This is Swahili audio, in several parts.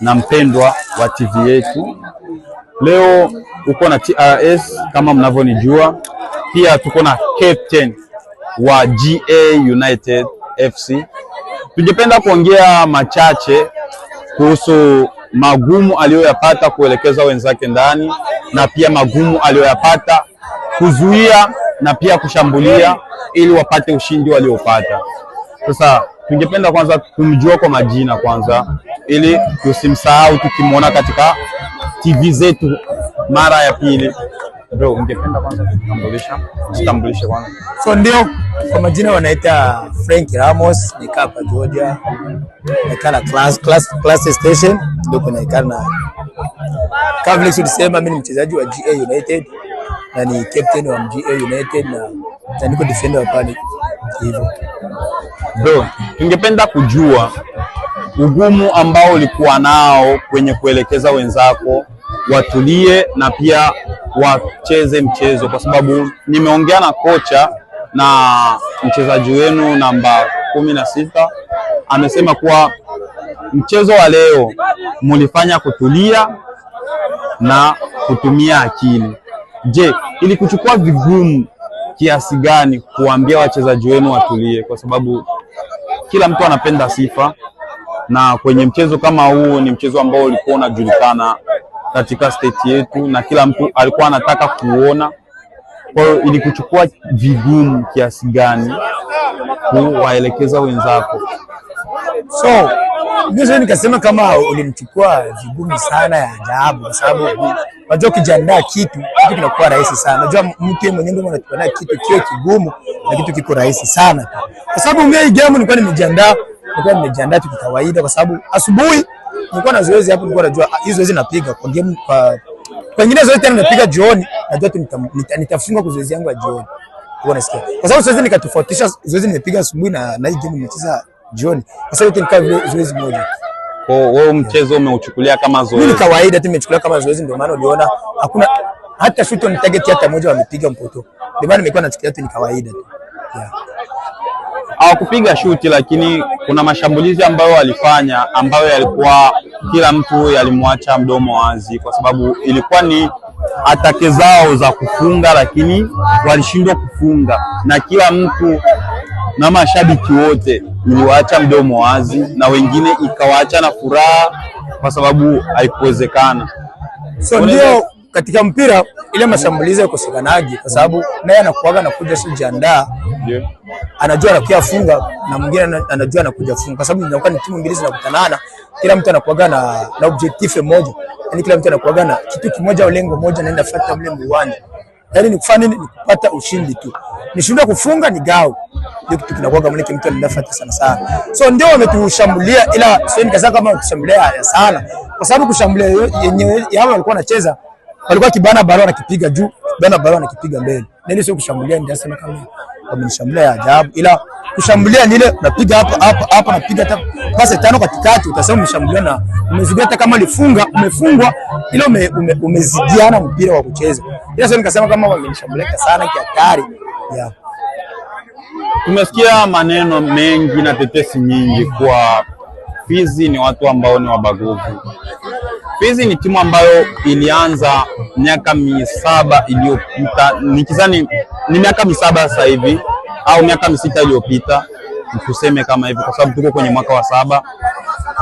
na mpendwa wa TV yetu. Leo uko na TRS kama mnavyonijua, pia tuko na captain wa GA United FC. Tungependa kuongea machache kuhusu magumu aliyoyapata kuelekeza wenzake ndani na pia magumu aliyoyapata kuzuia na pia kushambulia ili wapate ushindi waliopata. Sasa tungependa kwanza kumjua kwa majina kwanza ili tusimsahau tukimwona katika TV zetu mara ya pili. Bro, ungependa kwanza kutambulisha? kutambulisha kwanza. So ndio kwa majina wanaita Frank Ramos, nikaa hapa Georgia, nikala class class class station, ndio kuna kunaikana kama vile tulisema, mimi ni mchezaji wa GA United na ni captain wa GA United na, na niko defender wa pale hivyo. Bro, ungependa kujua ugumu ambao ulikuwa nao kwenye kuelekeza wenzako watulie na pia wacheze mchezo, kwa sababu nimeongea na kocha na mchezaji wenu namba kumi na sita amesema kuwa mchezo wa leo mulifanya kutulia na kutumia akili. Je, ili kuchukua vigumu kiasi gani kuambia wachezaji wenu watulie, kwa sababu kila mtu anapenda sifa na kwenye mchezo kama huo, ni mchezo ambao ulikuwa unajulikana katika state yetu na kila mtu alikuwa anataka kuona. Kwa hiyo ilikuchukua vigumu kiasi gani kuwaelekeza wenzako? So ndio nikasema kama ulimchukua vigumu sana, ya ajabu, kwa sababu unajua kujiandaa kitu kitu kinakuwa rahisi sana. Unajua mtu mwenyewe ndio kitu kio kigumu na kitu kiko rahisi sana, kwa sababu mimi game nilikuwa nimejiandaa nilikuwa nimejiandaa tu kawaida, kwa sababu asubuhi nilikuwa na zoezi hapo, nilikuwa najua ah, hizo zoezi napiga kwa game kwa pengine zoezi tena napiga jioni, najua tu nitafunga kwa zoezi yangu ya jioni, kwa nasikia, kwa sababu zoezi nikatofautisha zoezi nimepiga asubuhi na na hii game nimecheza jioni, kwa sababu nikaa vile zoezi moja. Kwa wewe mchezo umeuchukulia kama zoezi? Mimi kawaida tu nimechukulia kama zoezi, ndio maana uliona hakuna hata shoot on target hata moja wamepiga mpoto, ndio maana nimekuwa nachukulia tu ni kawaida tu yeah hawakupiga shuti, lakini kuna mashambulizi ambayo walifanya ambayo yalikuwa kila mtu yalimwacha mdomo wazi, kwa sababu ilikuwa ni atake zao za kufunga, lakini walishindwa kufunga, na kila mtu na mashabiki wote iliwaacha mdomo wazi, na wengine ikawaacha na furaha, kwa sababu haikuwezekana. So ndio katika mpira ile mashambulizi yakosekanaje, kwa sababu naye anakuaga anakuja sijiandaa, yeah. anajua anakuja funga na mwingine anajua anakuja funga, kwa sababu inakuwa ni timu mbili zinakutanana, kila mtu anakuaga na, na objective moja, yani kila mtu anakuaga na kitu kimoja au lengo moja, naenda fata mle uwanja, yani ni kufanya nini? Ni kupata ushindi tu, nishindwe kufunga ni gao, ndio kitu kinakuaga mle mtu anaenda fata sana sana, so ndio wametushambulia, ila sio nikasema kama kushambulia sana, kwa sababu kushambulia yenyewe yao walikuwa wanacheza walikuwa kibana barua nakipiga juu, bana barua nakipiga mbele, nani sio kushambulia. Ndio sema kama wamenishambulia ajabu, ila kushambulia nile napiga hapa hapa hapa, napiga hata pasi tano katikati, utasema umeshambulia na umezidia. Hata kama ulifunga umefungwa, ila ume, ume, umezidiana mpira wa kucheza. Ila sio nikasema kama wamenishambulia sana kihatari, yeah. Tumesikia maneno mengi na tetesi nyingi kwa Fizi ni watu ambao ni wabaguvu Fizi ni timu ambayo ilianza miaka misaba iliyopita, nikizani ni miaka misaba sasa hivi au miaka misita iliyopita, tuseme kama hivyo, kwa sababu tuko kwenye mwaka wa saba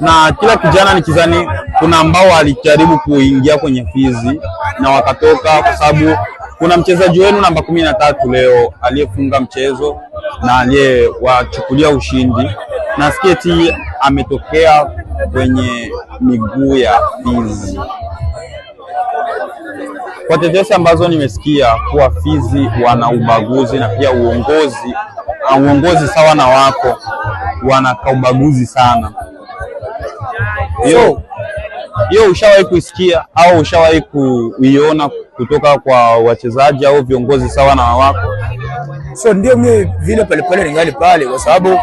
na kila kijana nikizani, kuna ambao walijaribu kuingia kwenye Fizi na wakatoka, kwa sababu kuna mchezaji wenu namba kumi na tatu leo aliyefunga mchezo na aliyewachukulia ushindi na sketi ametokea kwenye miguu ya Fizi. Kwa tetesi ambazo nimesikia kuwa Fizi wana ubaguzi na pia uongozi na uongozi sawa na wako wanaka ubaguzi sana. Hiyo hiyo ushawahi kuisikia au ushawahi kuiona kutoka kwa wachezaji au viongozi sawa na wako? So ndio mimi vile Polepole ningali pale kwa sababu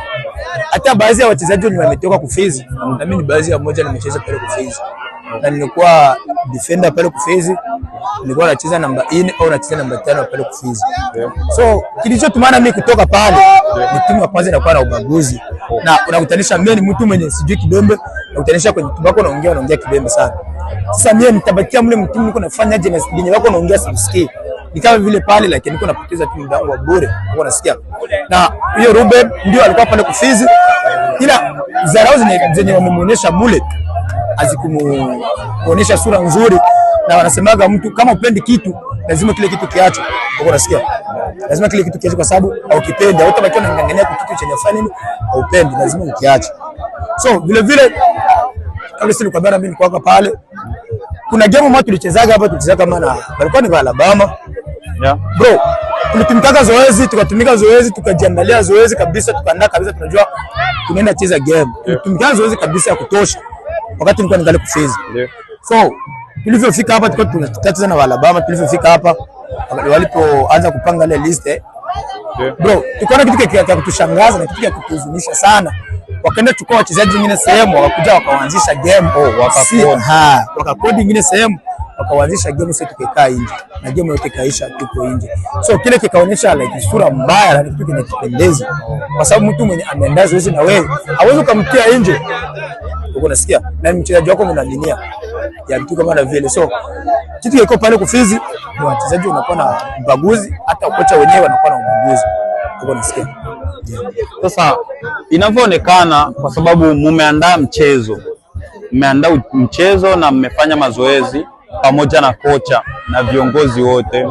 hata baadhi ya wachezaji wenye wametoka kufizi na mimi ni baadhi ya mmoja nimecheza pale kufizi na nilikuwa defender pale kufizi, nilikuwa nacheza namba 4 au nacheza namba 5 pale kufizi so kilicho tumana mimi kutoka pale ni timu ya kwanza inakuwa na ubaguzi na unakutanisha mimi ni mtu mwenye sijui kibembe, unakutanisha kwenye timu yako, naongea naongea kibembe sana. Sasa mimi nitabakia mle mtu, niko nafanyaje na wako naongea sisikii ni kama vile pale lakini nilikuwa napoteza tu muda wangu wa bure, nilikuwa nasikia. Na hiyo Ruben ndio alikuwa pale kufizi, ila zarau zenye wamemuonesha Bullet hazikumuonesha sura nzuri, na wanasemaga mtu kama upendi kitu lazima kile kitu kiacho, nilikuwa nasikia lazima kile kitu kiacho, kwa sababu au kipendi au utabaki unang'ang'ania kwa kitu chenye fani au upendi, lazima ukiache. So vile vile kama sisi bara mimi nilikuwa pale, kuna game moja tulichezaga hapa, tulichezaga na walikuwa ni Alabama Yeah. Bro, tulitumikaga zoezi, tukatumika zoezi, tukajiandalia zoezi kabisa, tukaandaa kabisa, tunajua tunaenda cheza game. Tulitumikaga zoezi kabisa ya kutosha. Wakati nilikuwa ningali kufizi Yeah. So, tulivyofika hapa tulikuwa tunacheza na Alabama, tulivyofika hapa walipoanza kupanga ile list eh. Yeah. Bro, tukaona kitu cha kutushangaza na kitu kile kutuzunisha sana. Wakaenda tukao wachezaji wengine sehemu wakakuja wakaanzisha game, oh, wakakodi. Ha, wakakodi wengine sehemu wakauanzisha game, sisi tukakaa nje na game yote kaisha, tuko nje. So kile kikaonyesha like sura mbaya, lakini kitu kinakipendeza, kwa sababu mtu mwenye ameandaa zoezi na wewe hawezi ukamtia nje, uko nasikia, na mchezaji wako mnaminia ya mtu kama na vile. So kitu kiko pale kufizi ni wachezaji wanakuwa na ubaguzi, hata kocha wenyewe wanakuwa na ubaguzi, uko nasikia. Sasa inavyoonekana, kwa sababu mumeandaa mchezo mmeandaa mchezo na mmefanya mazoezi pamoja na kocha na viongozi wote,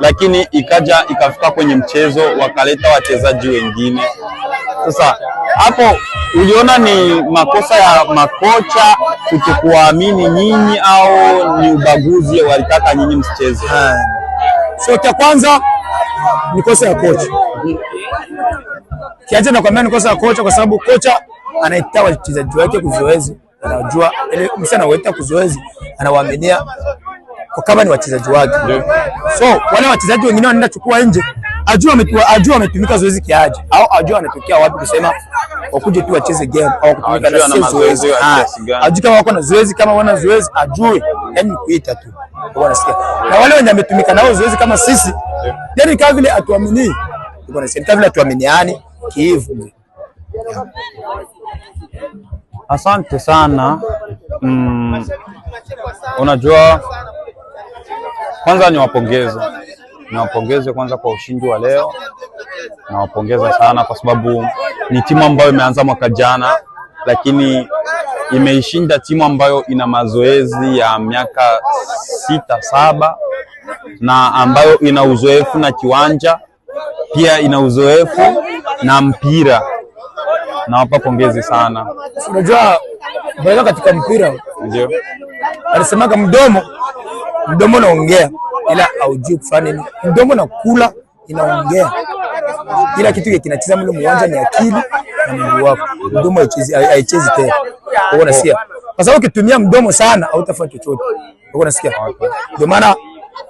lakini ikaja ikafika kwenye mchezo wakaleta wachezaji wengine. Sasa hapo uliona ni makosa ya makocha kutokuamini nyinyi au ni ubaguzi, walitaka nyinyi msicheze? So cha kwanza ni kosa ya kocha kiacha, nakwambia ni kosa ya kocha, kwa sababu kocha anaita wachezaji wake kuzoezi anajua ile eh, msana weta kuzoezi anawaaminia kwa kama ni wachezaji wake. So wale wachezaji wengine wanaenda chukua nje, ajua ametua, ajua ametumika zoezi kiaje, au ajua anatokea wapi kusema wakuje tu wacheze game au kutumika na sio zoezi. Ajua kama wako na zoezi, kama wana zoezi ajue, yani kuita tu wanasikia. Na wale wenye ametumika nao zoezi kama sisi, yani kama vile atuamini, kwa kama vile atuamini yani kiivu. Asante sana mm. Unajua, kwanza niwapongeze, niwapongeze kwanza kwa ushindi wa leo, nawapongeza sana kwa sababu ni timu ambayo imeanza mwaka jana, lakini imeishinda timu ambayo ina mazoezi ya miaka sita saba na ambayo ina uzoefu na kiwanja pia ina uzoefu na mpira nawapa pongezi sana. Unajua baada katika mpira ndio alisemaga mdomo mdomo naongea, ila aujui kufanya nini. Mdomo nakula inaongea, ila kitu kinacheza mle muwanja ni akili na mwili wako. Mdomo haichezi tena, unasikia? Kwa sababu ukitumia mdomo sana hautafanya chochote, unasikia? Ndio maana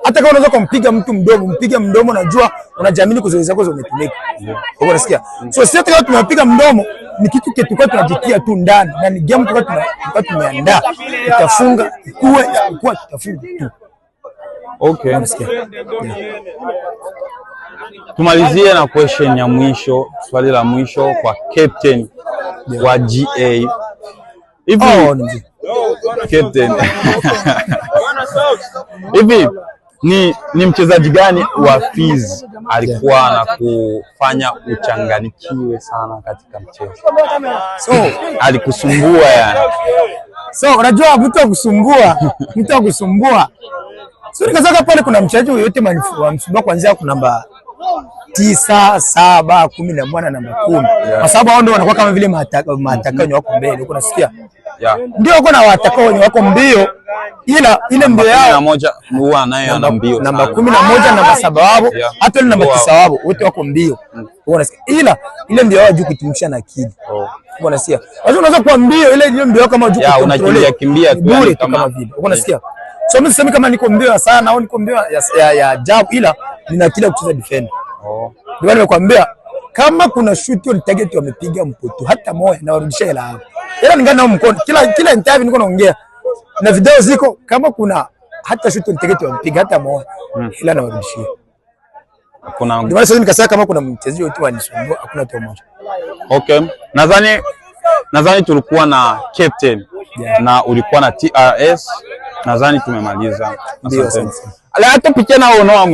hata kama unaweza kumpiga mtu mdomo, mpige mdomo, unajua unajiamini kuzoezi zako zimetumika. Yeah. Uko unasikia? So sisi hata kama tunapiga mdomo ni kitu kitu kwa tunajitia tu ndani na ni game kwa tunakuwa tumeandaa. Tutafunga kuwe kuwa tutafunga tu. Okay. Nasikia? Yeah. Tumalizie na question ya mwisho, swali la mwisho kwa captain yeah, wa GA. Hivi oh, captain. Hivi ni, ni mchezaji gani wa Fiz alikuwa na kufanya uchanganikiwe sana katika mchezo? So alikusumbua yani? So unajua mtu akusumbua, mtu akusumbua so nikasaka pale, kuna mchezaji yote wamsumbua kuanzia ku namba tisa saba kumi na mwana namba kumi, kwa sababu hao ndio wanakuwa kama vile maataka wako mbele, uko nasikia ndio uko na watakao wenye wako mbio ila ile mbio yao namba kumi na moja namba saba wao hata ile namba tisa wao wote wako mbio, mm. ila ile mbio yao juu kutumikisha na akili. Oh. Unasikia? Unaweza kuwa mbio ile ile mbio kama juu unakimbia kimbia tu kama vile. Unasikia? Eh. So mimi sisemi kama niko mbio sana au niko mbio ya ya ajabu, ila nina akili ya kucheza defend. Oh. Ndio nimekwambia kama kuna shoot au target wamepiga mpoto hata moja na warudisha hela hapo ila ningana nao mkono kila kila interview niko naongea na video ziko, kama kuna hata shuti nitakato mpiga hata moja, ila hmm. nawarudishia. Kuna ndio sasa nikasema kama kuna mchezaji wetu anisumbua, hakuna tu mmoja. Okay, nadhani nadhani tulikuwa na captain yeah, na ulikuwa na TRS nadhani tumemaliza. Asante. Ala hata picha na unaoa